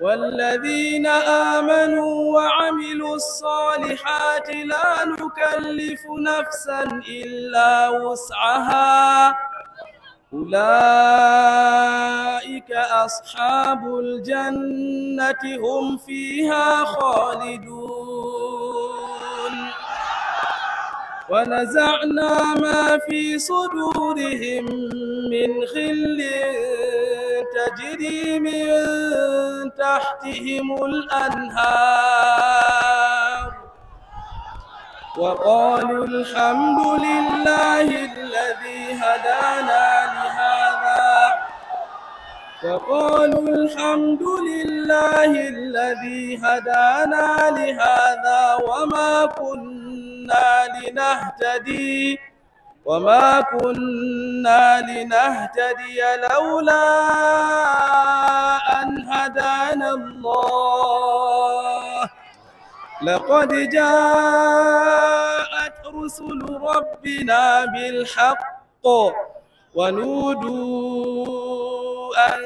والذين آمنوا وعملوا الصالحات لا نكلف نفسا إلا وسعها أولئك أصحاب الجنة هم فيها خالدون ونزعنا ما في صدورهم من خلٍّ تجري من تحتهم الأنهار وقالوا الحمد لله الذي هدانا لهذا وقالوا الحمد لله الذي هدانا لهذا وما كنا لنهتدي وما كنا لنهتدي لولا أن هدانا الله لقد جاءت رسل ربنا بالحق ونودوا أن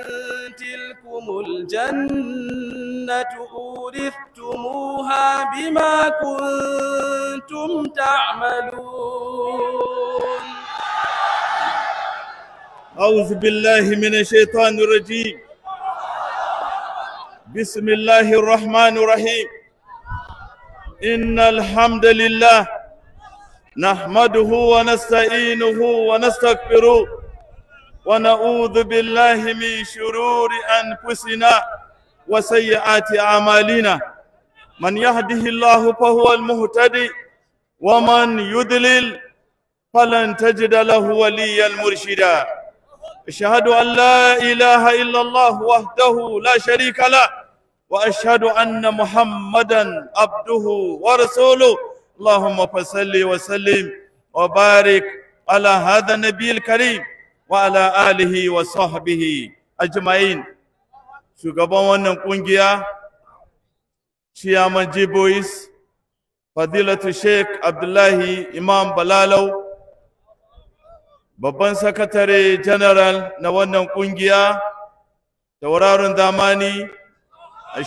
تلكم الجنة أورثتموها بما كنتم تعملون أعوذ بالله من الشيطان الرجيم بسم الله الرحمن الرحيم إن الحمد لله نحمده ونستعينه ونستغفره ونعوذ بالله من شرور أنفسنا وسيئات أعمالنا من يهده الله فهو المهتدي ومن يضلل فلن تجد له وليا مرشدا أشهد أن لا إله إلا الله وحده لا شريك له وأشهد أن محمدا عبده ورسوله اللهم فصل وسلم وبارك على هذا النبي الكريم وعلى آله وصحبه أجمعين shugaban wannan kungiya Chairman G Boys Fadilatu Sheikh Abdullahi Imam Balalau babban sakatare general na wannan kungiya tauraron zamani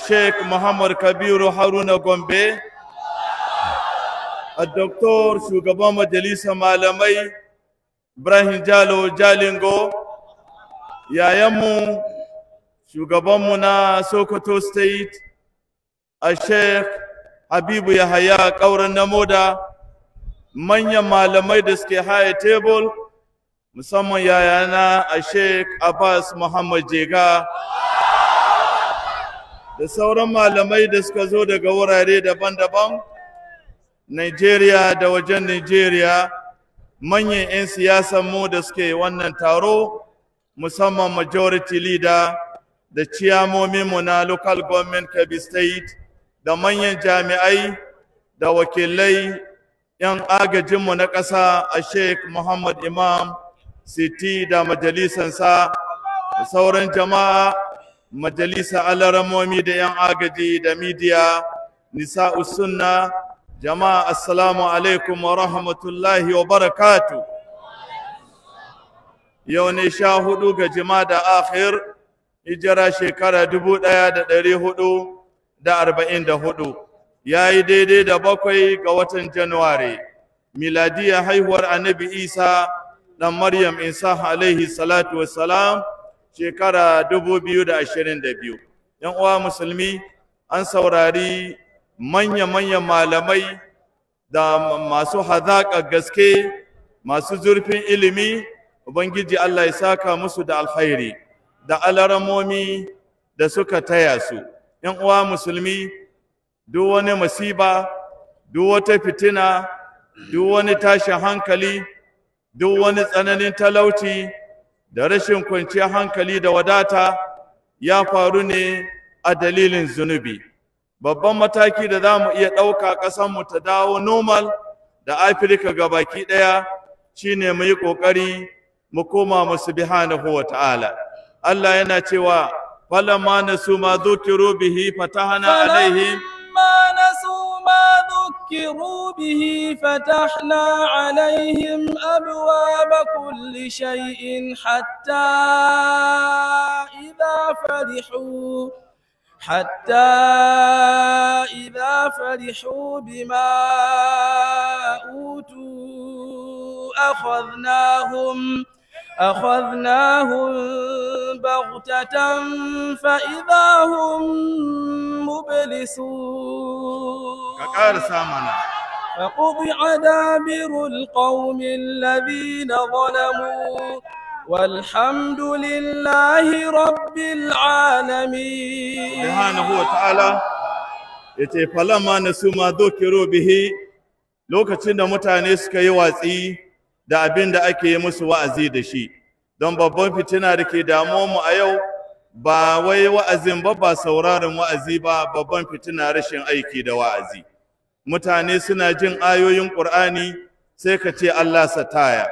sheikh muhammad kabiru haruna gombe a doktor shugaban majalisa malamai ibrahim jalo jalingo yayanmu shugabanmu na sokoto state a sheikh habibu yahaya kauran Namoda. manyan malamai da suke haya table musamman yayana a sheikh abbas muhammad jega da sauran malamai da suka zo daga wurare daban-daban nigeria da wajen nigeria manyan 'yan siyasan mu da suke wannan taro musamman majority leader da ciyamominmu na local government kebbi state da manyan jami'ai da wakilai 'yan agajinmu na ƙasa a sheikh muhammad imam siti da majalisansa da sauran jama'a majalisa alaramomi da 'yan agaji da midiya Nisa Usunna jama'a assalamu alaikum wa rahmatullahi wa barakatu yau ne sha hudu ga jima da akhir hijira shekara dubu ɗaya da ɗari hudu da arba'in da hudu ya yi daidai da bakwai ga watan januwari miladiyar haihuwar annabi isa dan Maryam Isa alaihi salatu wassalam shekara 2022 yan uwa musulmi an saurari manya manya malamai da masu hazaƙa gaske masu zurfin ilimi ubangiji Allah ya saka musu da alkhairi da alaramomi da suka taya su yan uwa musulmi duk wani masiba duk wata fitina duk wani tashin hankali duk wani tsananin talauci da rashin kwanciyar hankali da wadata ya faru ne a dalilin zunubi babban mataki da za mu iya ɗauka mu ta dawo normal da afirka ga baki ɗaya shine mu yi ƙoƙari mu koma mu subhanahu wa ta'ala allah yana cewa falamma nasu ma zukiru bihi fatahana alaihim ma nasu ذكروا به فتحنا عليهم أبواب كل شيء حتى إذا فرحوا حتى إذا فرحوا بما أوتوا أخذناهم أخذناهم بغتة فإذا هم مبلسون فقطع دابر القوم الذين ظلموا والحمد لله رب العالمين سبحانه وتعالى yace falamma nasuma dhukiru bihi lokacin da mutane suka yi watsi da abin da ake musu wa'azi da shi don babban fitina da ke mu a yau ba wai wa'azin ba ba sauraron wa'azi ba babban fitina rashin aiki da wa'azi mutane suna jin ayoyin ƙur'ani sai ka ce Allah sataya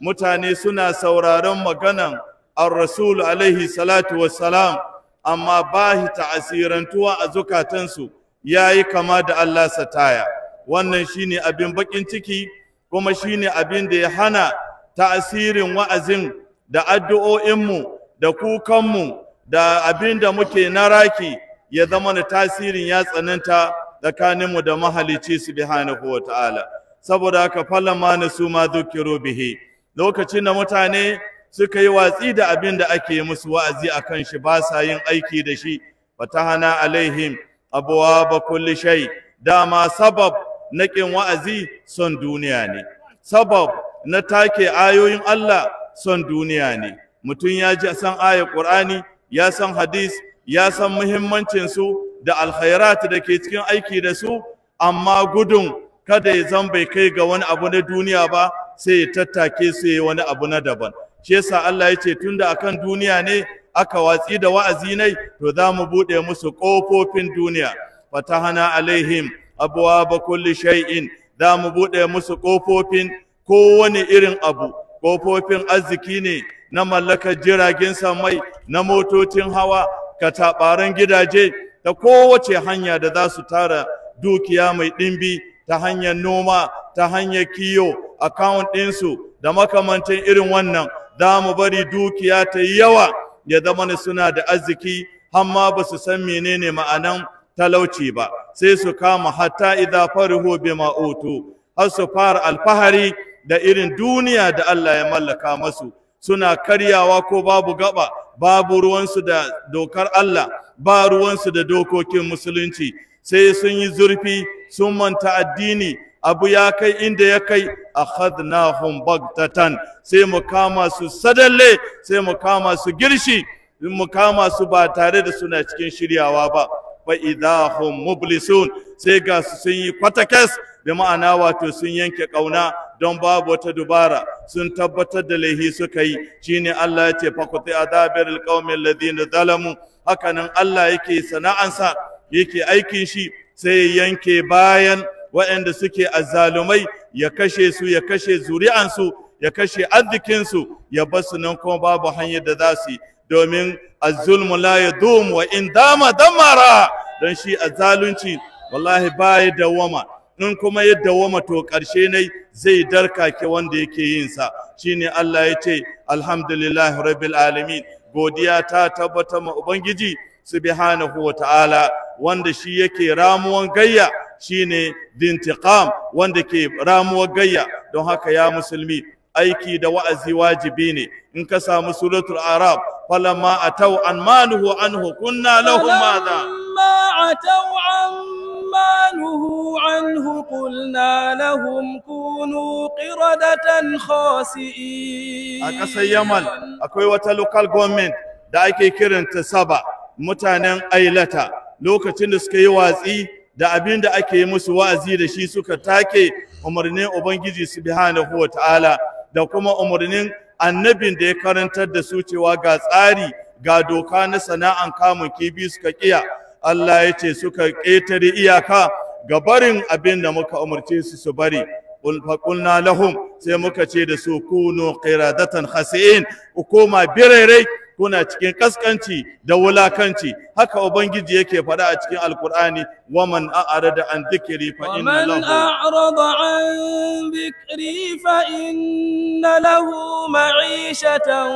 mutane suna sauraron maganan ar-rasul alaihi salatu wassalam amma ba ta'asirantuwa a zukatansu yi kama da Allah taya. wannan shine abin bakin ciki kuma shine abin da ya hana ta'asirin wa'azin da addu'o'inmu da kukanmu da abin da muke na raki ya zama da tasirin ya tsananta tsakaninmu da mahalicci subhanahu wa ta'ala saboda haka ma na su ma zukiru bihi lokacin da mutane suka yi watsi da abin da ake musu wa'azi a kan shi ba sa yin aiki da shi fatahana alaihim ba kulli shai dama sabab na ƙin wa'azi son duniya ne sabab na take ayoyin Allah son duniya ne mutum ya ji san ayar qur'ani ya san hadis ya san muhimmancin su da alkhairat da ke cikin aiki da su amma gudun kada ya zan bai kai ga wani abu na duniya ba sai ya tattake su ya wani abu na daban shi yasa Allah ya ce tunda akan duniya ne aka watsi da wa'azi nai to za mu bude musu kofofin duniya fatahana alaihim abwaaba kulli shay'in za mu bude musu kofofin kowane irin abu kofofin arziki ne na mallakar jiragen samai na motocin hawa katabaran gidaje ta kowace hanya da za su tara dukiya mai ɗimbi ta hanyar noma ta hanyar kiyo akawun ɗinsu da makamantan irin wannan za mu bari dukiya ta yi yawa ya zama ne suna da arziki hamma ba su san menene ma'anan talauci ba sai su kama hatta idza farihu bima utu har su fara alfahari da irin duniya da Allah ya mallaka masu suna karyawa ko babu gaba babu ruwansu da dokar Allah ba ruwansu da dokokin musulunci sai sun yi zurfi sun manta addini abu ya kai inda ya kai akhadnahum bagtatan sai mu kama su sadalle sai mu kama su girshi mu kama su ba tare da suna cikin shiryawa ba fa idahum mublisun sai ga su sun yi kwatakes da ma'ana wato sun yanke kauna don babu wata dubara sun tabbatar da laihi suka yi shine Allah ya ce fakuti adabiril qaumil ladina zalamu hakanan Allah yake sana'ansa yake aikin shi sai yanke bayan waɗanda suke azzalumai ya kashe su ya kashe zuri'ansu ya kashe arzikinsu ya basu nan kuma babu hanyar da za su yi domin azzulmu la yadum wa in dama damara don shi azzalunci wallahi baya dawama in kuma ya dawoma to ƙarshe ne zai darkake wanda yake yin sa shine Allah ya ce alhamdulillah rabbil alamin godiya ta tabbata ma ubangiji subhanahu wa ta'ala wanda shi yake ramuwan gayya shine dintiqam wanda ke ramuwar gayya don haka ya musulmi aiki da wa'azi wajibi ne in ka samu suratul arab falamma atau an manuhu anhu kunna lahum madha ma an عنوانه عنه قلنا لهم كونوا قردة خاسئين أكسا يمن أكوي وتلوكال government da ake kiranta saba mutanen ailata lokacin da suka yi watsi da abin da ake yi musu wa'azi da shi suka take umarnin ubangiji subhanahu ta'ala da kuma umarnin annabin da ya karantar da su cewa ga tsari ga doka na sana'an kamun kibi suka kiya Allah ya ce suka ƙetare iyaka ga barin abin da muka umarce su su bari faƙulna lahum sai muka ce da su kunu qiradatan khasi'in ku koma birairai kuna cikin kaskanci da wulakanci haka ubangiji yake faɗa a cikin alkur'ani waman a'rada an dhikri fa inna lahu Waman an dhikri fa inna lahu ma'ishatan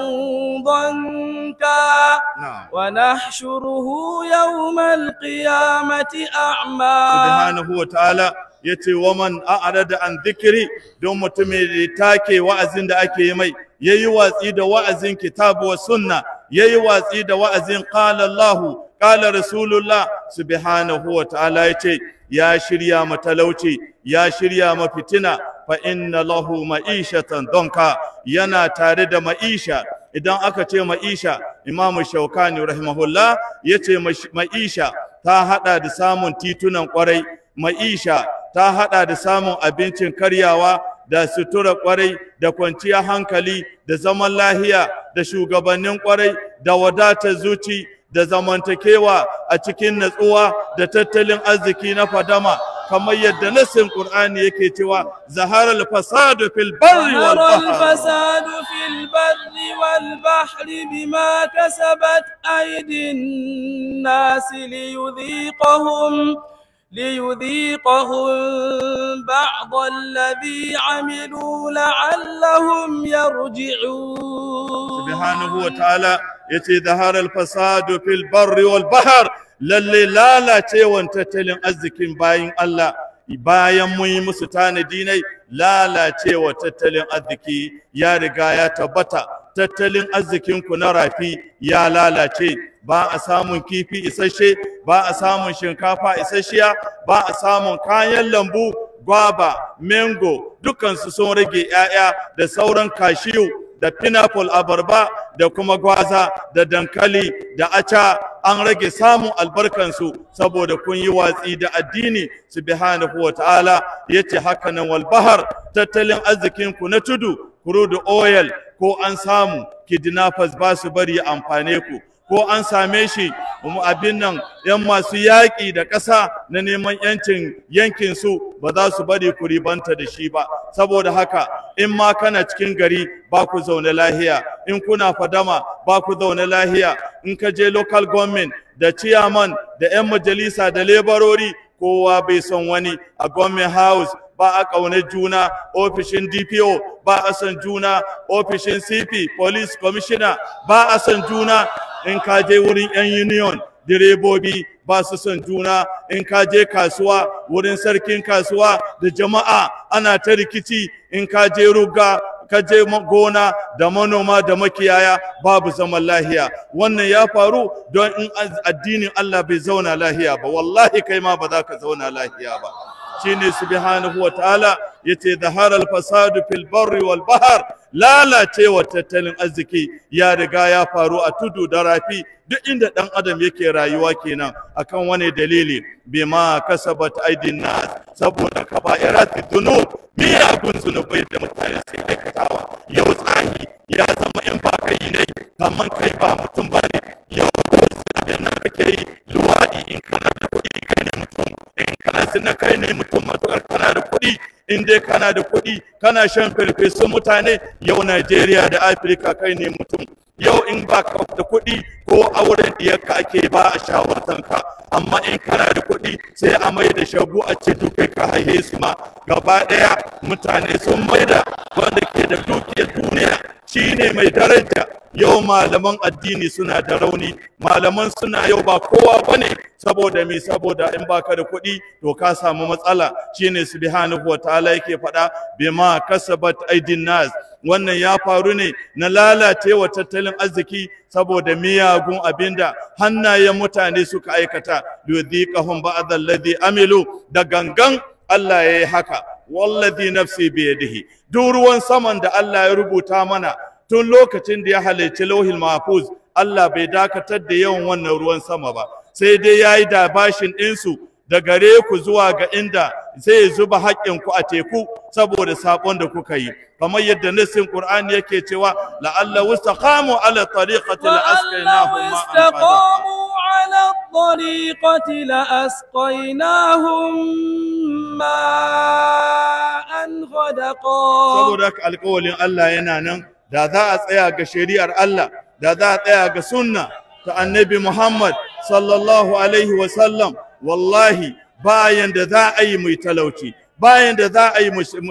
dhanka wa nahshuruhu yawmal qiyamati a'ma subhanahu wa ta'ala yace waman a'rada an dhikri don mutumin da take wa'azin da ake yi mai yayi watsi da wa'azin kitabu wa sunna yayi watsi da wa'azin qala Allah qala rasulullah subhanahu wa ta'ala yace ya shirya matalauci ya shirya mafitina fa inna lahu ma'ishatan donka yana tare da ma'isha idan aka ce ma'isha imamu shaukani rahimahullah yace ma'isha ta hada da samun titunan kwarai ma'isha ta haɗa da samun abincin karyawa da sutura ƙwarai da kwanciya hankali da zaman lahiya da shugabannin ƙwarai da wadatar zuci da zamantakewa a cikin natsuwa da tattalin arziki na fadama kamar yadda nasin Qur'ani yake cewa Zaharar fasadu fil barri wal bahri fasadu fil barri wal bahri ليذيقهم بعض الذي عملوا لعلهم يرجعون سبحانه وتعالى يتي ظهر الفساد في البر والبحر lalle lalacewan tattalin arzikin bayan Allah bayan mun yi musu tanadi ne lalacewa tattalin arziki ya riga ya tabbata tattalin arzikinku na rafi ya lalace ba a samun kifi isasshe ba a samun shinkafa isasshiya ba a samun kayan lambu gwaba mango dukansu sun rage 'ya'ya da sauran kashiyu da pineapple abarba da kuma gwaza da dankali da aca an rage samun albarkansu saboda kun yi watsi da addini subhanahu wa ta'ala yace haka nan walbahar tattalin arzikinku na tudu crude oil ko an samu kidnappers ba su bari amfane ku ko an same shi abin nan yan masu yaƙi da ƙasa na neman yancin yankin su ba za su bari ku ribanta da shi ba saboda haka in ma kana cikin gari ba ku zaune lahiya in kuna fadama ba ku zaune lahiya in ka je local government da chairman da 'yan majalisa da lebarori kowa bai son wani a government house ba a ƙaunar juna ofishin dpo ba a san juna ofishin cp police commissioner ba a san juna in ka je wurin yan union direbobi ba su son juna in ka je kasuwa wurin sarkin kasuwa da jama'a ana ta rikici in ka je ruga ka je gona da manoma da makiyaya babu zaman lahiya wannan ya faru don in addinin Allah bai zauna lahiya ba wallahi kai ma ba za ka zauna lahiya ba shine subhanahu wa ta'ala yace dhahara al-fasadu fil barri wal bahr lalacewa tattalin arziki ya riga ya faru a tudu da rafi duk inda dan adam yake rayuwa kenan akan wani dalili bima kasabat aidin nas saboda kaba'irat dunub miyagun zunubai da mutane sai aikatawa yau tsahi ya zama in ba kai ne kamar kai ba mutum ba yau ko sai kake yi luwadi in kana da kuɗi kai ne in kana kai ne mutum matuƙar kana da kuɗi in dai kana da kuɗi kana shan firfesun mutane yau Najeriya da Afirka kai ne mutum yau in ba ka da kuɗi ko auren ɗiyarka ake ba a shawartanka amma in kana da kuɗi sai a mai da shagu a ce dukai ka haihe su ma gaba ɗaya mutane sun mai da wanda ke da dukiyar duniya Shi ne mai daraja yau malaman addini suna da rauni malaman suna yau ba kowa ba ne. saboda me saboda in baka da kuɗi to ka samu matsala shi shine subhanahu wataala yake faɗa bima kasabat aidin nas wannan ya faru ne na wa tattalin arziki saboda miyagun abinda hannayen mutane suka aikata yudhiqahum ba'd alladhi amilu da gangan Allah ya yi haka wallazi nafsi biyadihi duk ruwan saman da Allah ya rubuta mana tun lokacin da ya halicci lauhil mahfuz Allah bai dakatar da yawan wannan ruwan sama ba sai dai yayi da bashin ɗinsu da gare ku zuwa ga inda zai zuba haƙƙinku a teku saboda saƙon da kuka yi kamar yadda nassin Qur'ani yake cewa la'alla wastaqamu ala tariqati la'asqaynahum ma'an على الطريقة لأسقيناهم ماء غدقا sabodak alƙawalin Allah yana nan da za a tsaya ga shari'ar Allah da za a tsaya ga sunna ta annabi Muhammad sallallahu alaihi wa sallam wallahi bayan da za a yi mai talauci bayan da za a yi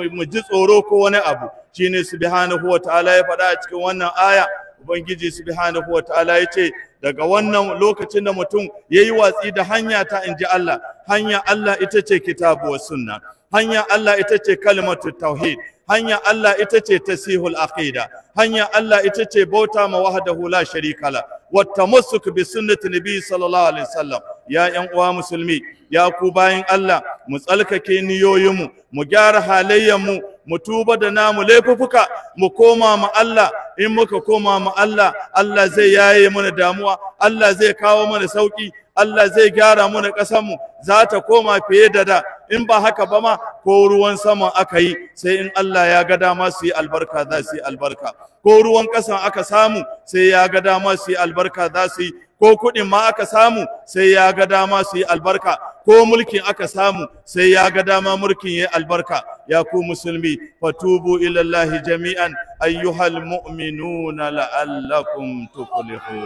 mu ji tsoro ko wani abu shine subhanahu wa ta'ala ya faɗa a cikin wannan aya ubangiji subhanahu wataala yace daga wannan lokacin da mutum yayi watsi da hanya ta inji Allah hanya Allah ita ce kitabu wa sunna hanya Allah ita ce kalimatu tauhid hanya Allah ita ce tasihul aqida hanya Allah ita ce bauta ma wahdahu la sharika la wattamassuk bi sunnati nabi sallallahu alaihi wasallam ya yan uwa musulmi ya ku bayan Allah mu tsalkake niyoyinmu mu gyara halayyanmu mu tuba da namu laifuka mu koma ma Allah in muka koma ma Allah Allah zai yaye mana damuwa Allah zai kawo mana sauki Allah zai gyara mana ƙasar mu za ta koma fiye da da in ba haka ba ma ko ruwan sama aka yi sai in Allah ya ga dama su yi albarka za su yi albarka ko ruwan ƙasan aka samu sai ya ga dama su yi albarka za su yi ko kuɗin ma aka samu sai ya ga dama su yi albarka ko mulkin aka samu sai ya ga dama mulkin ya albarka ya ku musulmi fatubu ilallahi jami'an ayyuhal mu'minuna la'allakum tuflihun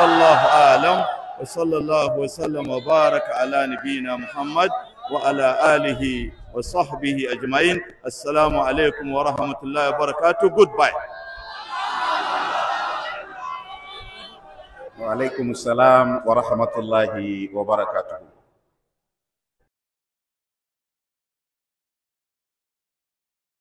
wallahu alam wa sallallahu wa sallam wa baraka ala nabiyina muhammad wa ala alihi wa sahbihi ajma'in assalamu alaikum wa rahmatullahi wa barakatuh goodbye Wa alaikum wa rahmatullahi wa barakatuhu.